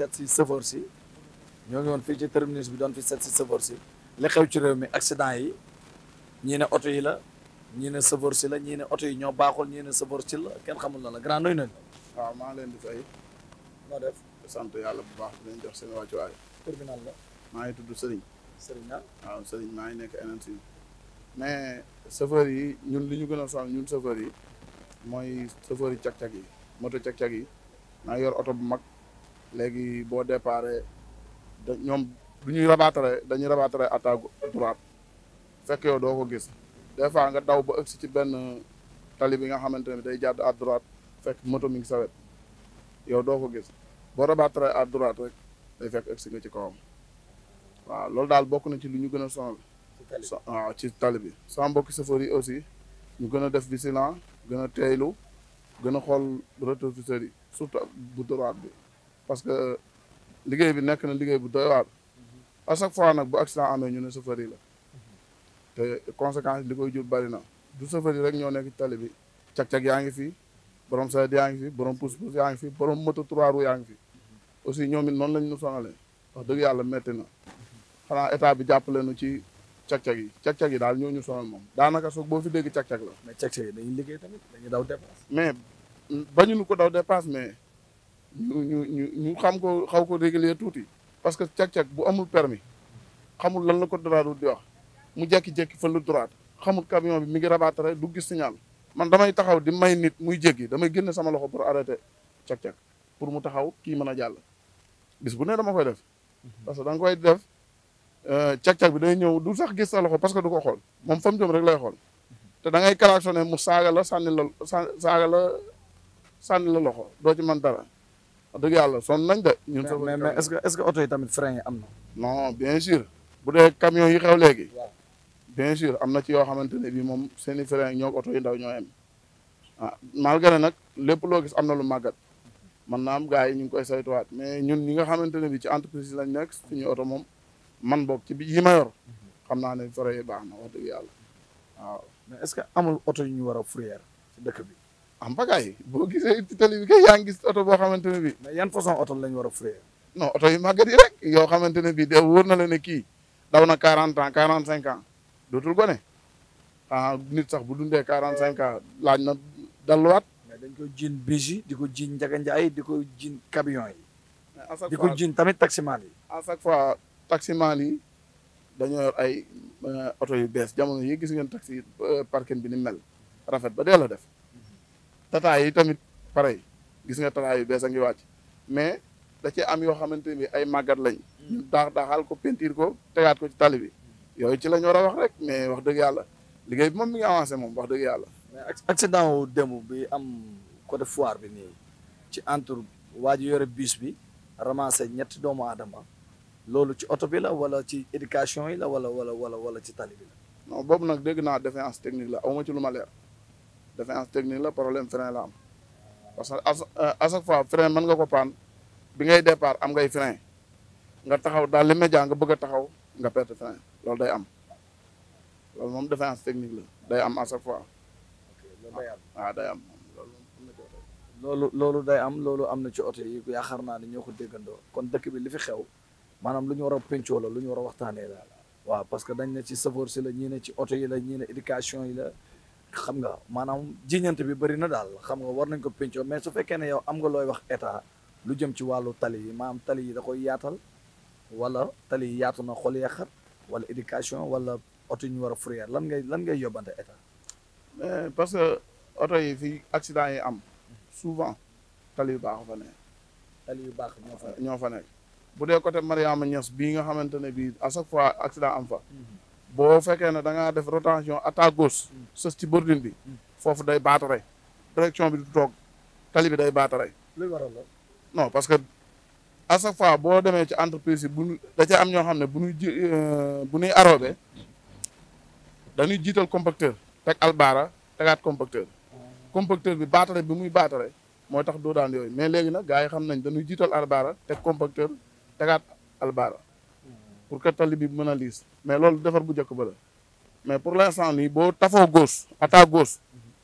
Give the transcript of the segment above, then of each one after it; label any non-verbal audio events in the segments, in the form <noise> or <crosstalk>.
seet si sëfoor si ñoo ngi woon fii ci terminus bi doon fi set si sëfoor si li xew ci réew mi accident yi ñii ne oto yi la ñii ne sëfoor si la ñii ne oto yi ñoo baaxul ñii ne sëfoor si la kenn xamul la la grand nuyu nañ waaw maa leen di fay noo def sant yàlla bu baax dinañ jox seen wàccuwaay terminal la maa ngi tudd Serigne Serigne ah waaw maa ngi nekk NNC mais chauffeur yi ñun li ñu gën a soxal ñun chauffeur yi mooy chauffeur yi cag-cag yi moto cag-cag yi maa yor oto bu mag léegi boo déparé da ñoom du ñuy rabaatare dañuy rabaatare attaque droite fekk yow doo ko gis des fois nga daw ba ëgsi ci benn tali bi nga xamante ne day jàdd à droite fekk moto mi ngi yow doo ko gis boo rabaatare à droite rek day fekk ëgsi nga ci kawam waaw loolu daal bokk na ci lu ñu gën a sonal waaw ah, ci tali bi sama mbokki chauffeur yi aussi ñu gën a def vigilant gën a teeylu gën a xool rétroviseur yi surtout bu droite bi parce que liggéey bi nekk na liggéey bu doy waar à chaque fois nag bu accident amee ñu ne chauffeur la te conséquence li koy jur bari na du chauffeur rek ñoo nekk tali bi cag-cag yaa ngi fi borom saret yaa ngi fi borom pousse-pousse yaa ngi fi borom moto trois roues yaa ngi fi aussi ñoom it noonu lañ ñu sonalee wax dëgg yàlla metti na xanaa état bi jàpp jàppale nu ci cag-cag yi cag-cag yi daal ñoo ñu sonal moom daanaka soog boo fi dégg cag-cag la. mais dañuy liggéey tamit dañuy daw dépasse. bañu ñu ko daw dépasse ñu ñu ñu xam ko xaw ko régulier tuuti parce que càq-càq bu amul permis xamul lan la ko droit di wax mu jekki-jekki fa lu droit xamul camion bi mi ngi rabaatare du gis signal man damay taxaw di may nit muy jéggi damay génne sama loxo pour arrêter càq-càq pour mu taxaw kii mën a jàll bis bu ne dama koy def mhm. parce que da nga koy def euh, càq-càq bi day ñëw du sax gis sa loxo parce que du ko xool moom fa mu jëm rek lay xool mhm. te da ngay klaxonné mu saaga la sànni la saaga la sànni la loxo doo ci mën dara dëgg yàlla sonn nañ de. ñun sax mais mais est que est ce que oto yi am na. non bien sûr bu dee camion yi xew léegi. bien sûr am na ci yoo xamante ne bii moom seeni i frein ñoo oto yi ndaw ñoo yem ah malgré nag lépp loo gis am na lu màggat man naa am gars yi ñu ngi koy saytuwaat mais ñun ñi nga xamante ne bii ci entreprise lañ nekk ñu oto moom man boog ci bi yi ma xam naa ne frein yi baax na wax yàlla waaw. mais est ce que amul oto ñu war a fourrière ci dëkk bi. am bagaay boo gisee ci tali bi kay yaa ngi gis oto boo xamante ne bii. mais yan façon oto lañ war a furee. non oto yu màggat yi rek yoo xamante ne bii de wóor na la ne kii daw na quarante ans quarante cinq ans dootul gone ah nit sax bu dundee quarante cinq ans laaj na dalluwaat. dañ ko jiin bus di ko jiin njaga njaay di ko jiin camion yi. à chaque fois di ko jiin tamit taximaan yi. à chaque fois taximaan yi dañoo ay euh, oto yu bees jamono yi gis ngeen taxi euh, parking bi ni mel rafet ba dee def. tata yi tamit pareil gis nga tata yu bees a ngi wàcc mais da cee am yoo xamante ni ay màggat lañ. Mm. ñu daax daaxal ko pentiir ko tegaat ko ci tali bi yooyu ci lañ war a wax rek mais wax dëgg yàlla liggéey bi moom mi ngi avancé moom wax dëgg yàlla. mais accident wu démb bi am côté foire bi nii ci entre waa ji yore bus bi ramassé ñetti doomu aadama loolu ci oto bi la wala ci éducation yi la wala wala wala wala ci tali bi la. non boobu nag dégg naa défense technique la awma ci lu ma leer. défaillance technique la problème frein la am parce que euh, à chaque fois frein mën nga ko paan bi ngay départ am ngay frein nga taxaw daal li média nga bëgg a taxaw nga perte frein loolu day am loolu moom défaillance technique day am à chaque fois waaw am ah, loolu loolu day am loolu am na ci oto yi yaakaar naa ne ñoo ko déggandoo kon dëkk bi li fi xew maanaam lu ñu war a pencoo la lu ñu war a waxtaanee la waaw parce que dañ ne ci safar si la ñii ne ci oto yi la ñiine ne éducation yi la xam nga maanaam jiñante bi bëri na daal xam nga war nañ ko péncoo mais su fekkee ne yow am nga looy wax état lu jëm ci wàllu tali yi maanaam tali yi da koy yaatal wala tali yi yaatu na xol yaxar wala éducation wala oto war a fourrière lan ngay lan ngay yóbbante état. Eh, parce que oto yi fii accident yi am souvent tali yu baax fa nekk. tali yu baax ñoo fa ñoo fa nekk bu dee côté Mariama Niass bii nga xamante ne bii à chaque fois accident am fa. Mhm. boo fekkee ne da def retention attaque gauche sës ci bordine bi foofu day baatare direction bi du toog tali bi day baatare li waral la parce que à chaque fois boo demee ci entreprise yi bu da ca am ñoo xam ne bu ñuy euh, bu ñuy arrobé dañuy jiital compacteur teg albaara tegaat compacteur compacteur bi baatare bi muy baatare mooy tax doo daan yooyu mais léegi nag gars yi xam nañ dañuy jiital albaara teg compacteur tegaat albaara pour que tali bi mën a liis mais loolu defar bu njëkk ba la mais pour l' instant nii boo tafoo gauche ata gauche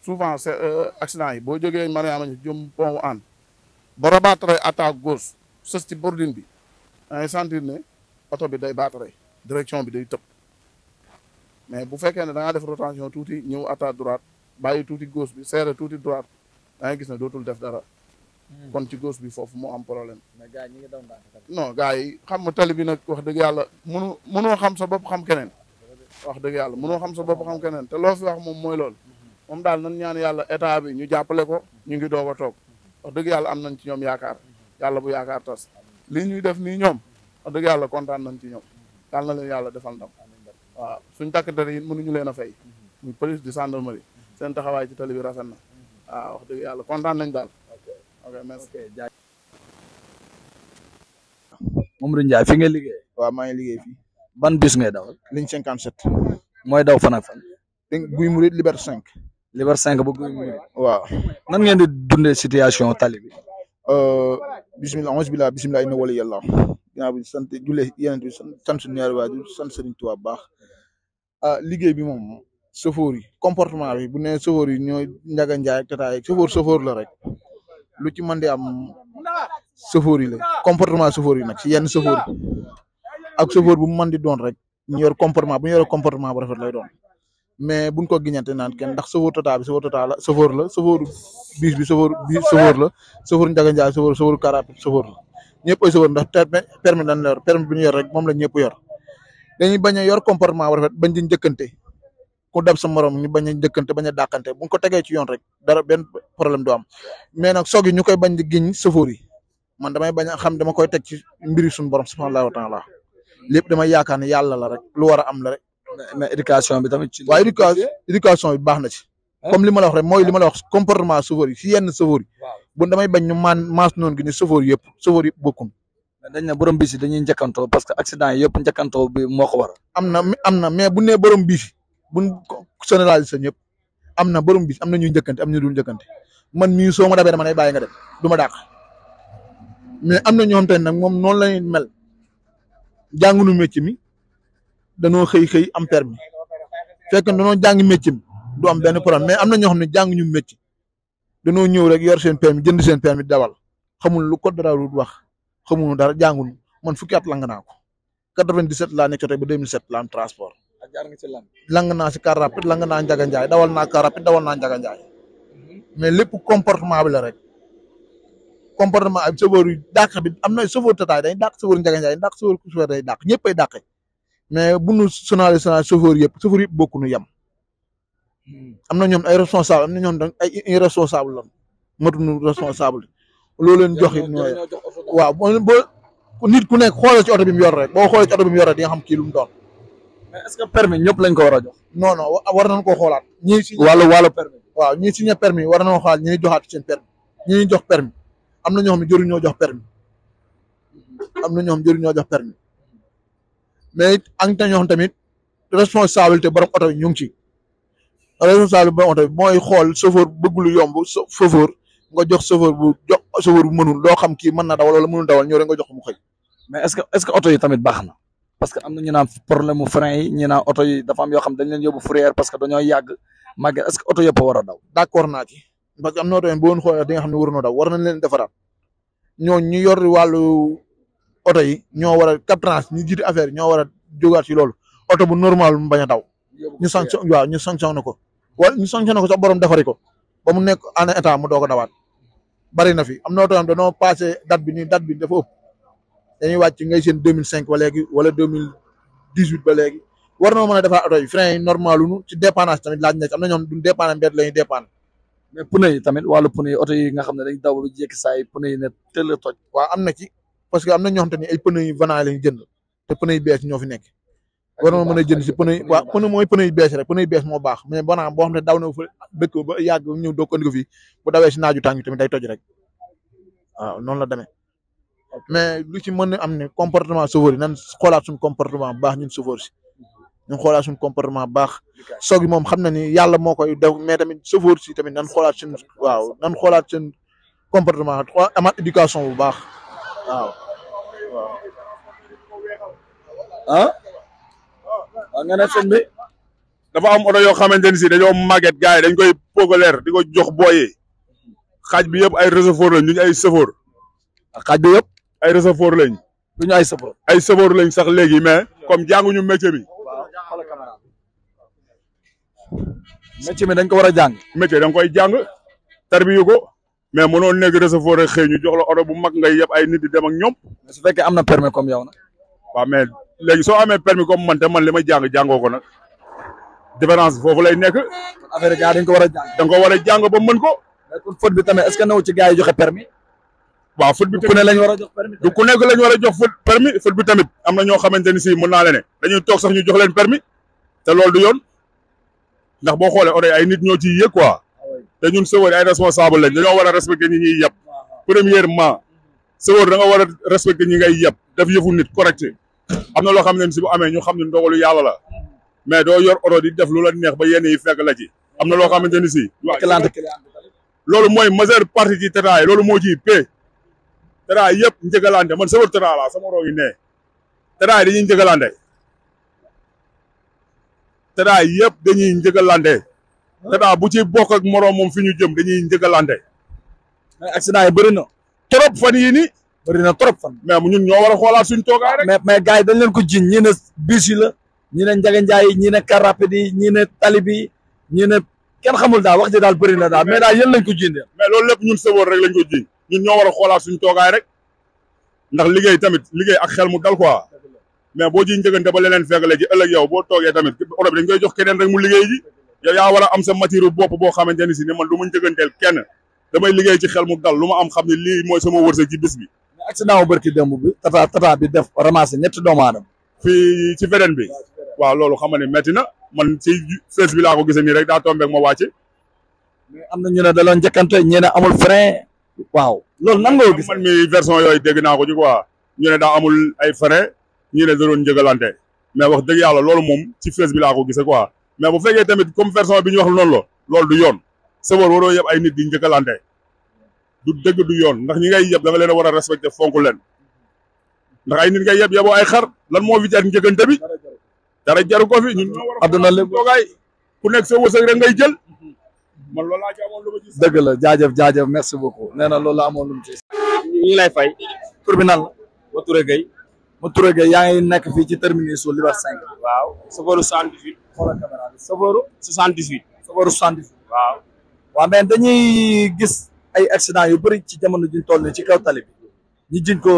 souvent c' est euh, accident yi boo jógee Mariama ñu jëm pont an ba rabattre ata gauche sës ci bordine bi dangay sentir ne oto bi day battre direction bi day tëb mais bu fekkee ne da def rotation tuuti ñëw ata droite bàyyi tuuti gauche bi serré tuuti droite da ngay gis na dootul def dara Hmm. kon ci gauche bi foofu moo am problème. mais gars yi ñu ngi daw ndànk non gars yi xam nga tali bi nag wax dëgg yàlla mënu mënoo xam sa bopp xam keneen. wax dëgg yàlla mënoo xam sa bopp xam keneen te loo fi wax moom mooy lool moom daal nan ñaan yàlla état bi ñu jàppale ko ñu ngi doog a toog wax dëgg yàlla am nañ ci ñoom yaakaar yàlla bu yaakaar tas lii ñuy def nii ñoom wax dëgg yàlla kontaan nañ ci ñoom yàlla na leen yàlla defal ndam waaw suñ takk der yi mënuñu leen a fay muy police di gendarmerie seen taxawaay ci tali bi rafet na waaw wax dëgg yàlla kontaan nañ daal Mamadou Ndiaye fi nga liggéey. waaw maa ngi liggéey fii. ban bis ngay dawal. ligne 57. mooy daw fan ak fan. Guy Mouride Liberté 5. Liberté 5 ba Guy Mouride. waaw. nan ngeen di dundee situation tali bi. Euh, bisimilah onze billah bisimilah inna wali yàlla. ginnaaw bi sant jullee yeneen bi sant suñu ñaari waajur sant Sëriñ Tuubaa baax. ah liggéey bi moom. sofoor yi comportement bi bu nee sofoor yi ñooy Njaga Njaay ak la rek. lu ci mën di am chauffeur yi la comportement chauffeur yi nag si yenn chauffeur ak chauffeur bu mu mën di doon rek ñu yor comportement bu ñu comportement bu rafet lay doon mais buñ ko giñante naan kenn ndax chauffeur Tata bi la chauffeur la chauffeur bis bi chauffeur bi chauffeur la chauffeur Ndiaga Ndiaye chauffeur chauffeur Karaat chauffeur la ñëpp ay chauffeur ndax permis lan la yor permis bi ñu yor rek moom la ñëpp yor dañuy bañ a yor comportement bu rafet bañ di njëkkante ku dab sa morom ñu bañ a a dàqante bu ko tegee ci yoon rek dara benn problème du am mais nag soog koy bañ di giñ sëfoor yi damay bañ a xam dama koy teg ci mbiri borom subhanahu wa taala lépp damay yaakaar ne rek lu war a rek. éducation bi tamit. ci waaye éducation éducation comme li ma la wax rek mooy li ma comportement sëfoor yi si yenn damay bañ ñu maan maas noonu gi ne sëfoor yëpp sëfoor borom bis yi parce que accident yëpp njëkkantoo buñ généraliser ñëpp am na borom bis am na ñuy njëkkante am na ñu dul man mii soo ma dabee dama lay bàyyi nga dem du ma dàq mais am na te nag moom noonu la mel jàngunu métier mi danoo xëy xëy am permis fekk danoo jàng métier mi du am benn problème mais am na ñoo xam ne jànguñu métier danoo ñëw rek yor seen permis jënd seen permis dawal xamul lu code de la route wax xamul dara jàngul man fukki at lang naa ko 97 laa nekk ba 2007 la am transport. jaar nga ci lang lang naa si car rapide lang naa dawal naa car dawal naa Njaga Njaay mhm. mais lépp comportement la rek comportement ak chauffeur yu dàq bi am na chauffeur tataay dañ dàq chauffeur Njaga Njaay dàq chauffeur Coucheur day dàq ñëpp ay dàqe mais bu nu sonal sonal chauffeur yëpp chauffeur yëpp bokku nu yem mhm. am na ñoom ay responsable am na ñoom ay irresponsable lan matuñu responsable loolu leen jox it waaw boo nit ku nekk xoolal ci bi yor rek boo xoolee ci oto yor rek di nga xam lu mais est ce que permis ñëpp lañ ko war a jox. non non war nañ koo xoolaat. ñii si wàllu wàllu permis. waaw ñii signé permis war nañoo xoolaat ñi joxaat seen permis ñi jox permis am na ñoo xam ne jëruñoo jox permis am na ñoo xam ne jëruñoo jox permis mais it am na tamit responsabilité borom oto yi ñu ngi ci responsable borom oto bi mooy xool chauffeur bëgg lu yomb chauffeur ga jox chauffeur bu jox chauffeur bu mënul loo xam kii mën na dawal wala mënul dawal ñëw rek nga jox mu xëy. mais est est que oto yi tamit baax na. parce que am na ñu naan problème mu frein yi ñu dafa am yoo xam dañ leen yóbbu parce que dañoo yàgg màgget est ce que oto yëpp a a daw. d' accord naa parce que am na oto yëpp daw war nañ leen defaraat ñooñu ñu yor wàllu oto yi ñoo war a captance ñu jiite affaire ñoo war a ci loolu oto bu normal mu a daw. ñu sanction waaw ñu sanctionné ko wala ñu sanctionné ko sax borom defari ko ba mu nekk en état mu doog a bari na fi am na oto yoo xam dañoo passé date bi nii date dañuy wàcc ngay seen deux mille cinq ba léegi wala deux mille dix huit ba léegi war noo mën a defar oto yi frein yi normal lu ci dépannage tamit laaj na ci am na ñoom duñ dépanne xam ne dañ daw ba jékki saa yi pneu yi ne a toj waaw am parce que am na ñoo xam te ni ay pneu yi vanaa lañ jënd te pneu yi bees ñoo fi nekk war noo mën a jënd si pneu yi waaw pneu rek pneu yi bees moo baax mais banaa boo ne daw na fa dëkk ba yàgg ñëw day toj rek waaw noonu la demee mais lu ci mën am ne comportement chauffeur yi nan xoolaat suñ comportement bu baax ñun chauffeur si ñu xoolaat suñu comportement bu baax soog yi moom xam na ni yàlla moo koy def mais tamit chauffeur si tamit nan xoolaat seen waaw nan xoolaat seen comportement amaat éducation bu baax waaw waaw ah? ah, nga ne dafa am oto yoo xamante ni si dañoo màgget gars yi dañ koy pogaleer di ko jox booyee xaaj bi yëpp ay réservoir la ñu ay sëfoor ah, xaaj bi yëpp ay receveur lañ. du ñu ay receveur. lañ sax léegi mais comme jànguñu métier bi. métier bi dañ ko war a jàng. métier da nga koy jàng tarbiyu ko mais mënoo nekk receveur rek xëy ñu jox la oto bu mag ngay yeb ay nit di dem ak ñoom. su fekkee am na permis comme yow nag. waaw mais léegi soo amee permis comme man te man li ma jàng jàngoo ko nag différence foofu lay nekk. affaire yi dañ ko war a jàng. da ko war a jàng ba mën ko. mais bi tamit est-ce que naw ci gars yi joxe permis waaw foot bi ku lañ war ku nekk lañ war a jox foot permis foot bi tamit am na ñoo xamante ni si mën naa leen ne dañuy toog sax ñu jox leen permis te loolu du yoon ndax boo xoolee oto ay nit ñoo ci yëg quoi ah te ñun sëwër ay responsable lañ dañoo war a respecter ñi ñuy yeb ah, ah. premièrement sëwër da nga war a respecter ñi ngay yeb def yëfu nit correct am na loo xam ne si bu amee ñu xam ne ndogalu yàlla la mm-hmm. mais doo yor oto di def lu la neex ba yenn yi fekk la ci am na loo xamante ni si loolu mooy majeure partie ci tataay loolu moo ciy teraay yëpp njëgalante man sëbër teraay laa sama roo yi nee teraay dañuy njëgalante teraay yëpp dañuy njëgalante teraay bu ci bokk ak moroom moom fi ñu jëm dañuy njëgalante accident yi bëri na trop fan yii nii bëri na trop fan mais ñun ñoo war a xoolaat suñ toogaay rek mais gars yi dañ leen ko jiñ ñi ne bis yi la ñi ne njaga ne car rapide yi ñi ne tali bi ñi ne kenn xamul daal wax ji daal na daal mais daal yéen lañ ko jiñ mais loolu lépp ñun sëbër rek lañ ko jiñ ñu ñoo war a xoolaat suñu toogaay rek ndax liggéey tamit liggéey ak xel mu dal quoi mais boo ciy njëgante ba leneen fekkale ji ëllëg yow boo toogee tamit oto bi koy jox keneen rek mu liggéey ji yow yaa war a am sa matiru bopp boo xamante ni si ne man lu ma njëganteel kenn damay liggéey ci xel mu dal lu ma am xam ni lii mooy sama wërsëg ci bis bi accident wu barki démb bi tata tata bi def ramassé ñetti doomu aadama fii ci feneen bi waaw loolu xam nga ne na man si fees bi laa ko gisee nii rek daa tombé ak ma wàcce mais am na ñu ne da doon njëkkante ñi ne amul frein waaw loolu nan nga ko gis man mi version yooyu dégg naa ko ci quoi ñu ne daa amul ay frais ñu ne da doon njëgalante mais wax dëgg yàlla loolu moom ci fees bi laa ko gisee quoi mais bu fekkee tamit comme version bi ñu wax noonu la loolu du yoon saboor waroo yëpp ay nit di njëkkalante du dëgg du yoon ndax ñi ngay yëpp da nga leen a war a respecté fonk leen ndax ay nit ngay yëpp yeboo ay xar lan moo fi jar njëkkante bi dara jaru ko fi ñun ñoo war a toogaay ku nekk sa wërsëg rek ngay man loolu laa ci dëgg la jaajëf jaajëf merci beaucoup nee na loolu laa amoon lu mu ñu ngi lay fay. tur bi nan la. ma Touré ma Touré yaa ngi nekk fii ci terminus su Liberté 5. waaw Soforu 78. xoolal caméra bi Soforu. 78. Soforu 78. waaw. waaw mais dañuy gis ay accident yu bari ci jamono juñ toll ci kaw tali bi ñu jiñ ko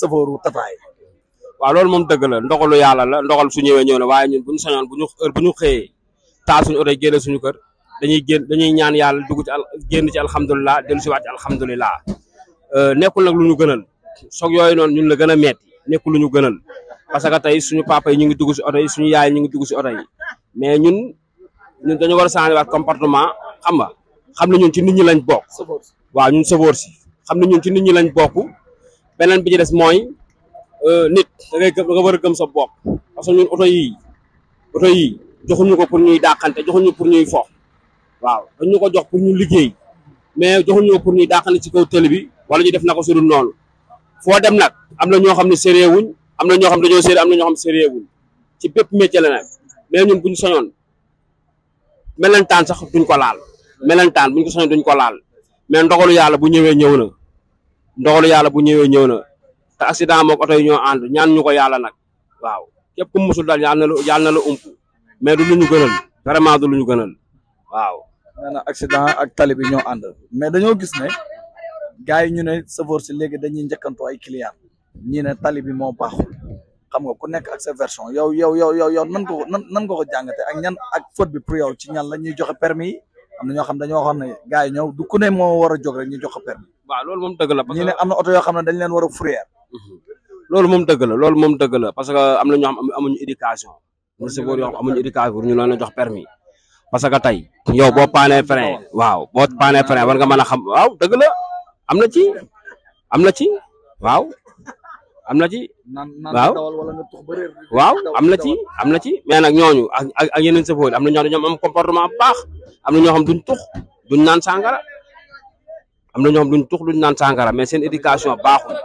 Soforu tataay. waaw loolu moom dëgg la ndogalu yàlla la ndoxal su ñëwee ñëw na waaye ñun bu ñu sañoon bu ñu bu ñu xëyee taal suñu oto génne suñu kër. dañuy génn dañuy ñaan yàlla dugg ci al génn ci alhamdulilah dellu si waat ci euh, nekkul nag lu ñu gënal soog yooyu noonu ñun la gën a metti nekkul lu ñu gënal parce que tey suñu papa ñu ngi dugg si oto yi suñu yaay ñu ngi dugg si oto yi mais ñun ñun dañu war a changer waat comportement xam nga xam ne ñun ci nit ñi lañ bokk. waaw ñun sëboor si xam ne ñun ci nit ñi lañ bokk beneen bi ci des mooy euh, nit da ngay gëm war a gëm sa bopp parce que ñun oto yii oto yii joxuñu ko pour ñuy dàqante joxuñu pour ñuy fo. waaw dañ ñu ko jox pour ñu liggéey mais joxuñu ko pour ñu daaxal ci kaw tëli bi wala ñu def na ko su dul foo dem nag am na ñoo xam ne sérieux wuñ am na ñoo xam dañoo sérieux am na ñoo xam sérieux wuñ ci bépp métier la nag mais ñun buñ soñoon melentaan sax duñ ko laal melentaan buñ ko soñoon duñ ko laal mais ndogalu yàlla bu ñëwee ñëw na ndogalu yàlla bu ñëwee ñëw na te accident moog oto yi ñoo ànd ñaan ñu ko yàlla nag waaw képp ku musul daal yàlla na la yàlla na la ump mais du lu ñu gënal vraiment du lu ñu gënal waaw nee na accident ak tali bi ñoo ànd mais dañoo gis ne gars yi ñu ne chauffeur si léegi dañuy njëkkantoo ay client ñi ne tali bi moo baaxul xam nga ku nekk ak sa version yow yow yow yow yow nan ko nan nan nga ko jàngate ak ñan ak faute bi pour yow ci ñan la ñuy joxe permis yi am na ñoo xam dañoo xam ne gars yi ñëw du ne moo war a jóg rek ñu joxe permis waaw loolu moom dëgg la ñi ne am na oto yoo xam ne dañ leen war a fourrière mhm. loolu dëgg la loolu moom dëgg parce que am na ñoo xam amuñu éducation ñu chauffeur yoo xam amuñu éducation pour ñu leen a jox permis parce que tey yow boo paanee frein waaw boo paanee frein war nga mën a xam waaw dëgg la am na ci am na ci waaw na ci waaw am na ci am na ci mais nag ñooñu ak ak yeneen safóor am na ñoo ñoom am comportement bu baax am na ñoo xam duñ tux duñ naan sàngara am na ñoo xam duñ naan sàngara mais seen éducation baaxul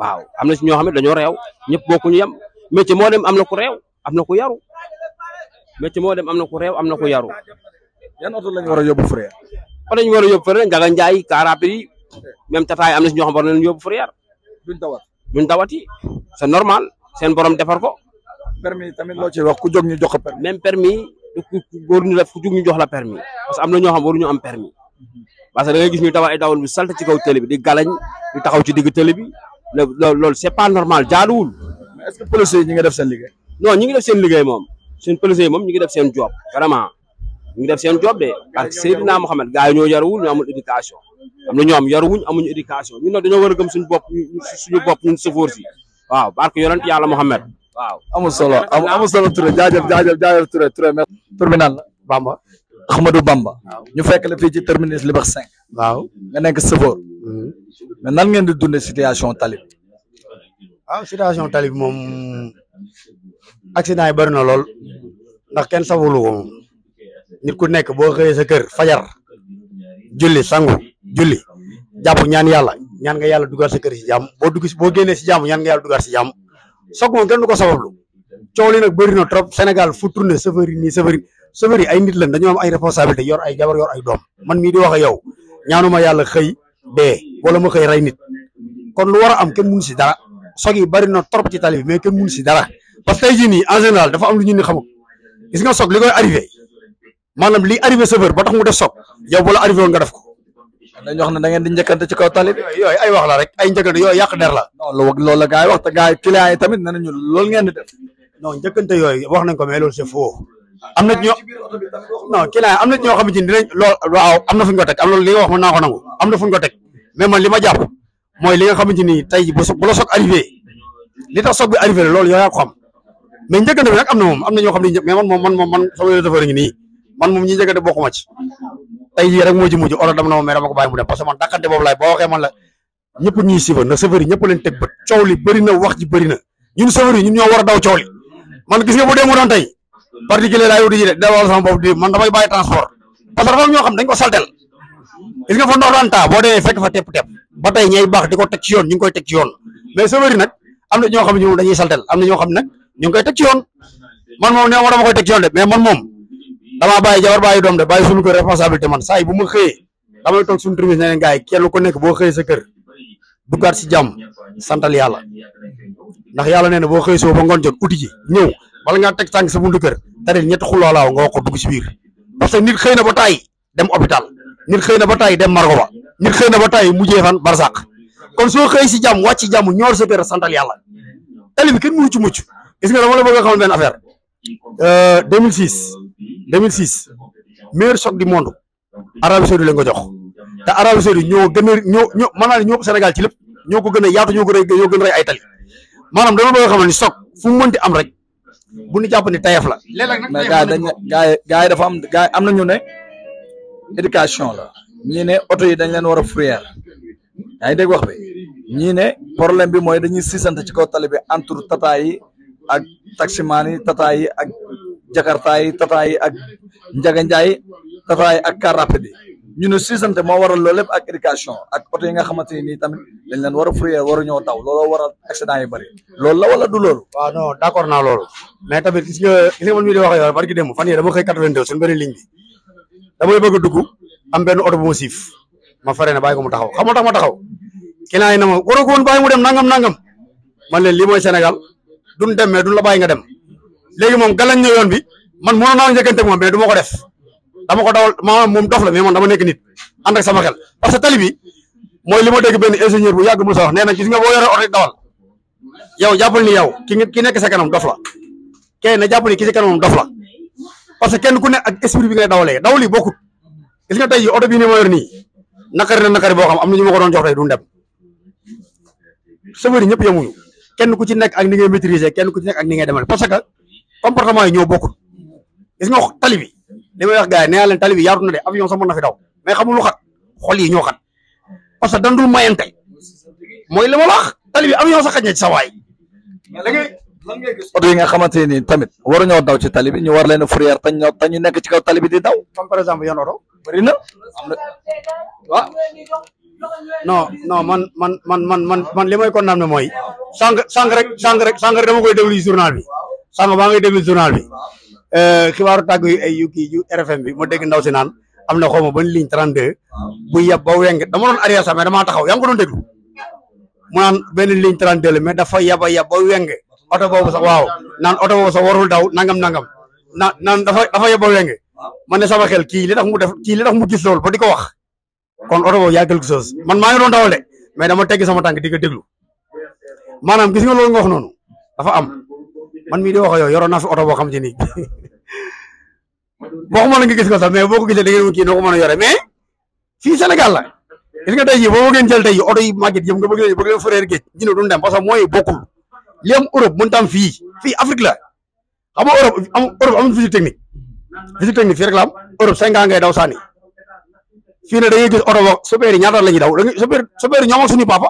waaw am na si ñoo xam ne dañoo réew ñëpp bokkuñu yem métier moo dem am na ku réew am métti moo dem am na ku réew am na ku yaru. yan oto lañ war a yóbbu Fourrière. oto ñu war a yóbbu Fourrière Ndiaga Ndiaye car rapide yi même tata yi am na si ñoo xam war nañu yóbbu Fourrière. duñ dawat duñ dawati c'est normal seen borom defar ko. permis tamit ciy wax ku jóg ñu jox ko permis. même permis ku góor ñu def ñu jox la permis parce que am na ñoo xam waruñu am permis parce que da ngay gis ñu dawal ay dawal bu salte ci kaw télé bi di galañ di taxaw ci digg télé bi loolu c'est pas normal jaaduwul. mais est-ce ñu ngi def seen liggéey. non ñu ngi seen liggéey moom. seen police yi moom ñu ngi def seen job vraiment ñu ngi def seen job de parce que Seydina Mohamed gars yi ñoo yaruwul ñu éducation am na ñoom yaruwuñ amuñu éducation ñun nag dañoo war a gëm suñu bopp suñu bopp ñun sëfoor si waaw barke yonent yàlla Mohamed waaw amul solo amul solo Touré jaajëf jaajëf jaajëf Touré Touré merci terminal la Bamba Ahmadou Bamba ñu fekk la fii ci terminus Liberté 5 waaw nga nekk sëfoor mm-hmm. mais nan ngeen di dundee situation talib ah situation talib moom accident yi bari na lool ndax ken safulu ko nit ku nekk boo xëyee sa kër fajar julli sangu julli jàpp ñaan yàlla ñaan nga yàlla dugal sa kër si jàmm boo dugg si boo génnee si jàmm ñaan nga yàlla dugal si jàmm soog moom kenn du ko sabablu coow li bëri na trop senegal fu tourné chauffeur yi nii chauffeur yi ay nit lañ dañoo am ay responsabilité yor ay jabar yor ay doom man mii di wax ak yow ñaanuma yàlla xëy dee wala ma xëy rey nit kon lu war a am kenn mun si dara soog yi bëri na trop ci tali mais kenn mun si dara parce que tey jii nii en général dafa am lu ñu ni xamul gis nga soog li koy arrivé maanaam li ba tax mu def soog yow bu la nga def ko. dañuy wax ne da ngeen di njëkkante ci kaw tali bi yooyu ay wax la rek ay njëkkante yooyu yàq der la. non loolu la gars yi wax te gars yi client yi tamit nee nañu loolu ngeen di def. non njëkkante yooyu wax nañ ko mais loolu c'est faux. am na ñoo non client yi am na ñoo xamante ni dinañ lool waaw am na fu ñu ko teg am na li wax mën naa ko am na fu ñu ko mais man li ma jàpp mooy li nga xamante ni tey bu la soog arrivé li tax soog bi loolu yow yaa ko mais njëkkante bi nag am na moom am na ñoo xam ne ñëpp mais man moom man moom man sama yoon dafa ngi nii man moom ñi njëkkante bokkuma ci tey jii rek moo ci mujj oro dama na ma mais dama ko bàyyi mu dem parce que man dàqante boobu laay boo waxee man la ñëpp ñuy siifa na chauffeur yi ñëpp leen teg bët coow li bëri na wax ji bëri na ñun chauffeur yi ñun ñoo war a daw coow li man gis nga bu dee mu doon tey particulier laay wuti ji de dawal sama bopp di man damay bàyyi transport parce que dafa am ñoo xam dañ ko saltel gis nga fa ndox daan taa boo demee fekk fa tepp-tepp ba tey ñay baax di ko teg ci yoon ñu ngi koy teg ci yoon mais chauffeur yi nag am na ñoo xam ne ñoom dañuy saltel am na ñoo xam ne nag ñu ngi koy teg ci yoon man moom nee ma dama koy teg ci de mais man moom damaa bàyyi jabar bàyyi doom de bàyyi suñu kër responsabilité man saa yi bu ma xëyee damay toog suñu tribune ne leen gars yi kenn ku nekk boo xëyee sa kër duggaat si jàmm santal yàlla ndax yàlla nee na boo xëy soo ba ngoon jot uti ji ñëw bala ngaa teg tànk sa buntu kër taril ñetti xulaalaaw nga wax ko dugg si biir parce que nit xëy na ba tàyyi dem hôpital nit xëy na ba tàyyi dem margo ba nit xëy na ba tàyyi mujjee fan barsàq kon soo xëy si jàmm wàcc si jàmm ñoor sa kër santal yàlla gis nga dama la bëgg a xamal benn affaire 2006 euh, 2006 meilleur choc du monde Arabie Saoudite lañ ko jox te Arabie Saoudite ñoo gën ño ñoo ñoo maanaam ñoo Sénégal ci lépp ñoo ko gën a yaatu ñoo gën a ñoo gën ay tali maanaam dama bëgg a xamal ni choc fu mu mënti am rek bu ñu jàpp ni tayef la. mais gars dañ gars yi dafa am gars am na ñu ne éducation la ñii ne oto yi dañ leen war a fourrière yaa ngi dégg wax bi ñii ne problème bi mooy dañuy siisante ci kaw bi entre tata yi. ak taximaan yi tata yi ak jakarta yi yi ak njaganjaay tata yi ak car rapide yi ñu ne siisante moo waral loolu lépp ak éducation ak oto yi nga xamante ni nii tamit dañ leen war a fourrière war a ñëw taw looloo waral yi bëri loolu la wala du loolu waaw non d' na naa loolu mais tamit gis nga gis nga man mii di wax yow barki démb fan dama xëy 82 suñu bëgg dugg am benn oto bu ma siif ma fare ne bàyyi ko mu taxaw xam nga tax ma taxaw ki yi na ma waroo ko woon bàyyi mu dem nangam nangam man leen lii duñ dem mais duñ la nga dem léegi moom galañ na yoon bi man mënoon naa njëkkante moom mais du ma ko def dama ko dawal maanaam moom dof la mais man dama nekk nit ànd ak sama xel parce que tali bi mooy li ma dégg benn ingénieur bu yàgg Moussa wax nee na gis nga boo yoree oto dawal yow jàppal ni yow ki ki nekk sa kanam dof la kenn na jàpp ni ki sa kanam dof parce que kenn ku ne ak esprit bi ngay dawalee dawal yi bokkut gis nga tey jii oto bii ni ma yor nii nakari na nakari boo xam am na ñu ma ko doon jox tey du ñëpp yemuñu kenn ku ci nekk ak ni ngay maîtriser kenn ku ci nekk ak ni ngay parce que comportement yi ñoo bokkul gis nga tali bi li may wax gars yi nee naa leen tali bi yaatu na de avion sax mën na fi daw mais xamul lu xat xol yi ñoo xat parce que dandul mayante mooy li ma wax tali bi avion sax xaj ci sa waay. yi nga xamante ni tamit waruñoo daw ci tali bi ñu war leen a fourrière te ñu te nekk ci kaw tali bi di daw. comme par exemple yan oto na. non non man man man man man man li may condamné mooy sànq sànq rek sànq rek sànq rek dama koy déglu journal bi sànq baa ngay déglu journal bi euh, xibaaru tàgg yu ay yu kii yu RFM bi ma dégg ndaw si nan am na xaw ma ban ligne 32 bu yab ba weng dama doon arrière sax mais damaa taxaw yaa ngi ko doon déglu mu naan benn ligne 32 la mais dafa yab a yab ba weng oto boobu sax waaw naan oto boobu sax warul daw nangam nangam naan naan dafa dafa yab ba sama xel kii li tax kon oto boobu yaa quelque chose man maa ngi doon dawal de mais dama teggi sama tànk di ko maanaam gis nga loolu nga wax noonu dafa am man mii di wax yow yoroon naa fi oto boo xam ci nii <laughs> waxuma la nga gis ko sax mais boo ko gisee da ngeen kii noo ko mën a yore mais fii Sénégal nga tey jii boo bëggeen jël tey oto yi màgget yëpp nga bëgg leen bëgg leen fëreer géej dina du dem parce que mooy Europe mënut am fii fii Afrique la xam nga Europe am Europe amul visite technique visite technique fii rek la daw sànni fii ne da ngay gis oto ba super ñaata la ñuy daw da ngay super super yi ñoomal suñu papa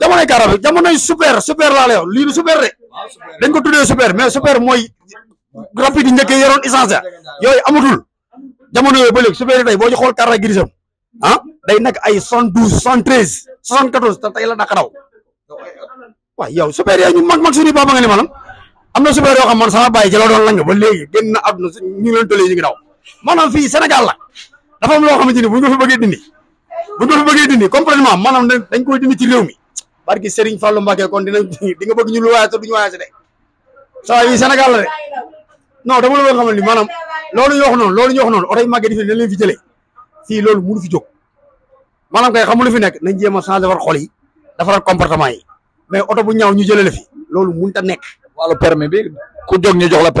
jamonoy carab bi jamonoy super super laa la yow lii du super de dañ ko tuddee super mais super mooy rapide yi njëkk yoroon essence yooyu amatul jamono yooyu ba léegi super yi tey boo ñu xool carab grisam ah day nekk ay soixante douze soixante treize soixante quatorze te tey la dàq daw waaw yow super yooyu ñu mag mag suñu papa nga ni maanaam am na super yoo xam man sama bàyyi ci la doon lang ba léegi génn na àdduna ñu ngi leen tëlee fii Sénégal la. dafa am loo xamante ni buñ ko fi bëggee dindi buñ ko fi bëggee dindi complètement maanaam dañ koy dindi ci réew mi barki Serigne Fallou kon dina di bëgg ñu lu waaye te duñu waaye de saa yi Sénégal de non dama loolu ñu wax noonu loolu ñu wax noonu oto yi màggee di fi leen fi jëlee fii loolu mënu fi jóg maanaam kay xamul fi nekk nañ jéem a changé war xol yi comportement yi mais oto bu ñaw ñu jëlee la fi loolu mënut a nekk. wàllu permis bi ku jóg ñu jox la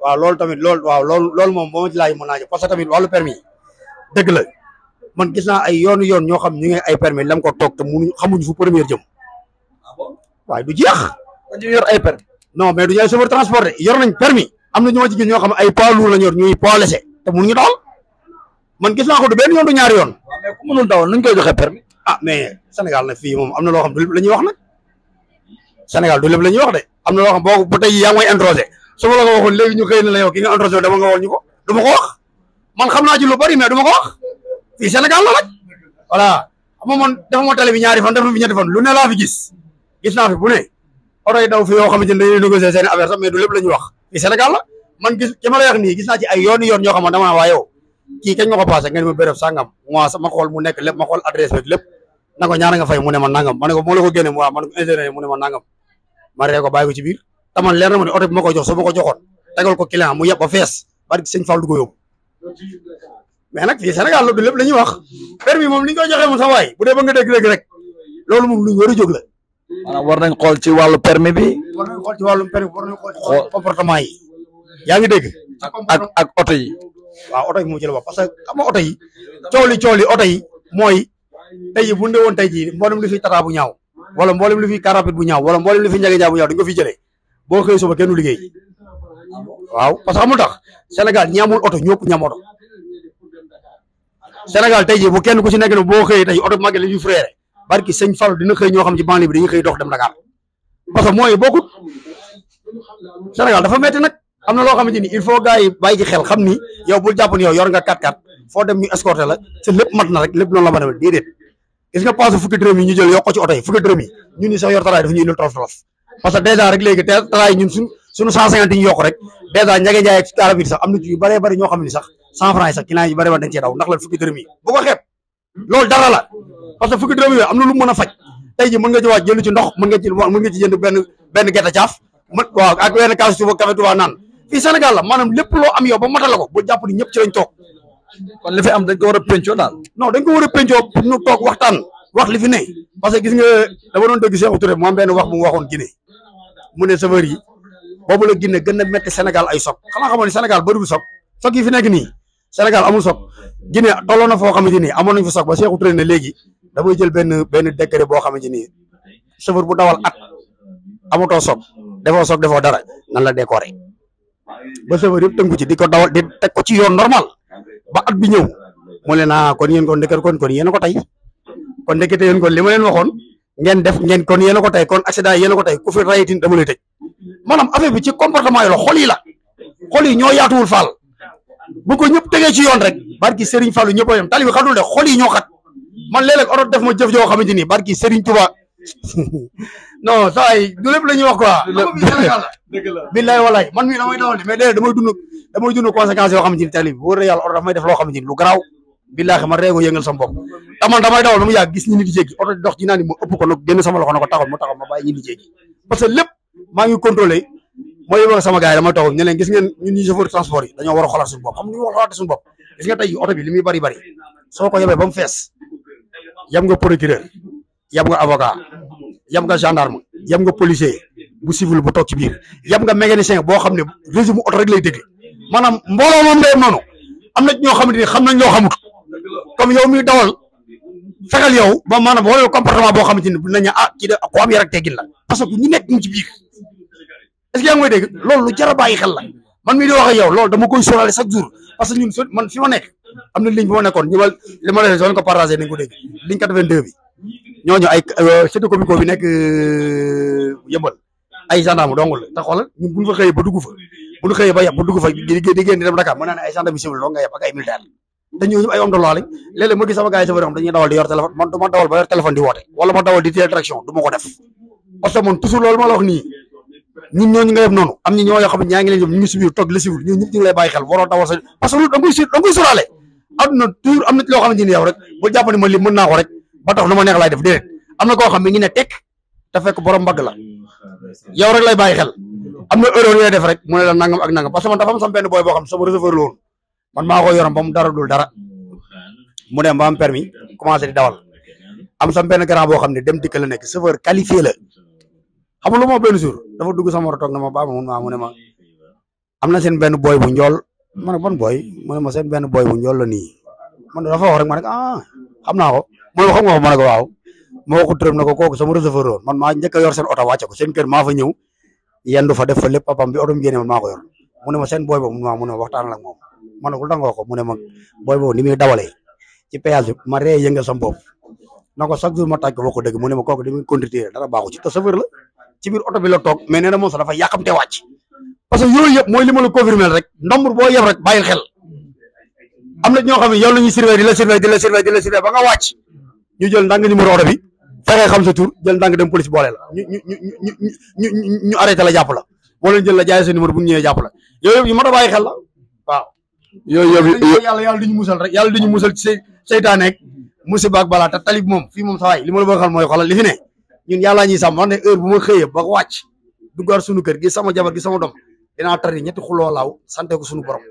waaw loolu tamit loolu waaw loolu loolu moom boo ma ci laaj mën naa jox dëgg la man gis naa ay yoon ñoo xam ñu ngi ay permis lam ko toog te mënuñu xamuñu fu première jëm ah waaye du jeex. dañuy yor ay permis. non mais du ñu ay chauffeur transport yor nañ permis am na ñu ma ci ñoo xam ay poids lourd lañ yor ñuy poids léger te mënuñu dawal man gis naa ko du benn yoon du ñaari yoon. waaw ah, mais ku mënul dawal nuñ koy joxe permis. ah mais Sénégal nag fii moom am na loo xam du lépp la ñuy wax nag Sénégal du lépp la ñuy wax de am na loo xam boo ba tey yaa ngi na la yow ki nga dama nga wax ñu ko du ma wax man xam naa ci lu bari mais du ma ko wax fii Sénégal la rek voilà xam man dafa ma tali bi ñaari fan dafa fi ñetti fan lu ne laa fi gis gis naa fi bu ne oto yi daw fi yoo xamante ne du lépp la wax fii Sénégal la man gis ki ma la wax nii gis naa ci ay yoon yoon yoo xam ne dama waa yow kii kañ nga ko passé nga ma nekk lépp ma xool adresse beeg lépp na ko ñaara ne nangam ma ne ko moo la ko génne waaw ma ne ko ingénieur mu ne ma nangam ma ree ko bàyyi ko taman leer na ma ne oto bi ma koy jox su ma ko joxoon ko client mu yeb ba fees barki sëñ Fall du ko mais nag fii Sénégal la du lépp la wax permis moom li ñu koy joxee moom sa waay bu dee nga dégg-dégg rek loolu moom lu ñu war a jóg la. maanaam war nañ xool ci wàllu permis bi. war nañ xool ci wàllu permis war nañ xool yi. yaa ngi dégg. ak ak oto yi. waaw oto yi moom ci la wax parce que xam nga oto yi coow li coow li oto yi mooy tey jii bu ñu woon tey jii mboolem fi tata bu ñaaw wala mboolem li fi car rapide bu ñaaw wala mboolem li fi njëge ñaaw bu ñaaw dañ ko fi jëlee boo xëy suba kenn du liggéey waaw parce que amul tax Sénégal ñi amul oto ñëpp ñam oto Sénégal tey jii bu kenn ku ci nekk ne boo xëyee tey oto màgg la ñuy frère barki sëñ Fallou dina xëy ñoo xam ci banlieue bi dañuy xëy dox dem Dakar parce que mooy bokkut Sénégal dafa metti nag am na loo xamante ni il faut gars yi bàyyi xel xam ni yo bul jàpp ni yow yor nga 4 foo dem ñu escorté la te lépp mat na rek lépp noonu la ma demee déedéet gis nga passe fukki dërëm ñu jël yokk ko ci oto yi fukki dërëm yi ñun ñi sax yor taraay sunu cent cinquante ñu yokk rek dèjà ñage njaay ci taarab sax am na ci yu bëree bëri xam ne sax cent franc yi sax client yi bëree bëri dañ cee daw ndax la fukki dërëm yi bu ko parce que fukki dërëm yi am na lu mën a faj tey ji mën nga ci waaj jënd ci ndox mën nga ci mën nga ci jënd benn benn gerte caaf mën waaw ak wenn kaas tuba café tuba naan fii Sénégal la maanaam lépp loo am yow ba matale ko bu jàpp ni ñëpp ci lañ toog kon li am dañ ko war a pencoo daal non dañ ko war a pencoo pour ñu toog wax li fi ne parce que gis nga dama doon dégg Cheikh Touré mu am benn wax bu mu waxoon Guinée boobu la ginne gën a metti Sénégal ay sog xanaa xamoon ni Sénégal bëriwul sog sog yi fi nekk nii Sénégal amul sog Guinée tolloo na foo xamante ni amoon nañu fa sog ba Sékou Touré ne léegi damay jël benn benn décret boo xamante ni chauffeur bu dawal at amatoo sog defoo sog defoo dara nan la décoré ba chauffeur yëpp tënku ci di ko dawal di teg ko ci yoon normal ba at bi ñëw mu leen ah kon yéen kon ndeket kon kon yéen a ko tey kon ndekete yéen kon li ma leen waxoon ngeen def ngeen kon yéen a ko tey kon accident yéen a ko tey ku fi rayatin dama lay tëj maanaam affaire bi ci comportement yi la xol yi la xol faal bu ko ñëpp tegee ci yoon rek barki Serigne Fallou ñëpp a yem tali ñoo xat man léeg-léeg def ma jëf joo xamante ni barki Serigne Touba <laughs> non saa yi du lépp la ñuy wax man mii damay dawal mais léeg damay dund damay dund conséquences yoo xamante ni tali bi wóor na yàlla oto daf may def loo xamante ni lu garaaw billaahi man reego yëngal sama bopp damay dawal ba mu yàgg gis ñi nit di jéggi ci naan ma ëpp maa ngi contrôlé ma yóbbu sama gars yi dama taxaw ñu leen gis ngeen ñun ñi chauffeur transport yi dañoo war a xoolaat suñu bopp xam nga tey oto bi li bari bari soo ko yebee ba mu fees yab nga procureur yab nga avocat yab nga gendarme yab nga policier bu civil bu toog ci biir yab nga mécanicien boo xam ne régime oto rek lay dégg maanaam mbooloo moom day noonu am na ñoo xamante ni xam nañ ñoo xamut comme yow miy dawal fexeel yow ba maanaam wala comportement boo xamante ni nañ ah kii da ko am yar ak teggin la parce que est-ce que yaa ngi may dégg loolu lu a bàyyi xel la man mii di wax ak yow dama koy sóoraale chaque jour parce que ñun man fi ma nekk am na bi ma nekkoon ñu ma defee soo ko partagé nañ ko dégg ligne 82 bi ñooñu ay euh, chef de comico bi nekk euh, yëmbal ay gendarme dong la te xoolal ñun bu fa xëyee ba dugg fa bu ñu xëyee ba yab ba dugg fa di di génn di dem Dakar mën naa ne ay gendarme civil dong nga yab ma di yor téléphone man du ma ñun ñooñu nga yem noonu am ñi ñoo yoo xam ne ñaa ngi ñu ngi si biir toog lesiwul ñun ñëpp ñu ngi lay bàyyi xel waroo dawal sa parce que loolu da nga koy da nga koy sóoraale adduna toujours am na loo xamante ni yow rek bu jàpp ne ma li rek ba tax na neex laay def déedéet am na koo xam ne ngi ne tekk te fekk borom mbagg la yow rek lay bàyyi xel am na erreur yooyu def rek mu ne la nangam ak nangam parce que man dafa am benn booy boo xam sama receveur la woon man maa ko yorom mu dara dul dara mu dem ba am permis commencé di dawal am sama benn grand boo xam ne dem dikk la nekk chauffeur qualifié la xam lu ma benn jour dafa dugg sama toog na ma baa ma mun maa mu ne ma am na seen benn boy bu njool ma ne ban boy mu ma seen benn boy bu njool la nii man dafa wax rek ma ne ah xam naa ko mooy xam nga ko ma waaw ma waxu ko kooku sama receveur woon man njëkk yor seen oto wàcce ko fa ñëw yendu fa def fa lépp papam bi oto bi génne man maa ko yor mu ma seen boy boobu ma mu ne ma waxtaan ak moom ma ne ko lu ko mu ne ma boy boobu ni muy dawalee ci péage bi ma ree yëngal sama bopp na ko chaque jour ma tàgg ma kooku dañuy contribuer baaxu ci biir oto bi la toog mais nee na moom sax dafa yàqamte wàcc parce que yooyu yëpp mooy li ma la rek ndombre boo yeb rek bàyyil xel am na ñoo xam ne yow la la ñu jël ndànk numéro xam sa tur jël ndànk dem police boole la ñu ñu ñu ñu ñu arrêté la jàpp la boo jël la jaay sa numéro bu ñu ñëwee jàpp la yooyu yëpp ñu mën a xel la waaw. yooyu yëpp yàlla yàlla duñu musal rek yàlla duñu musal ci seytaane ak musiba ak a te talib moom fii moom sa waay li ma mooy xoolal li fi ne ñun yàllaa ñuy sàmm wax ne heure bu ma xëyee ba wàcc duggaat suñu kër gi sama jabar gi sama doom dinaa tari ñetti xuloo laaw sante ko suñu borom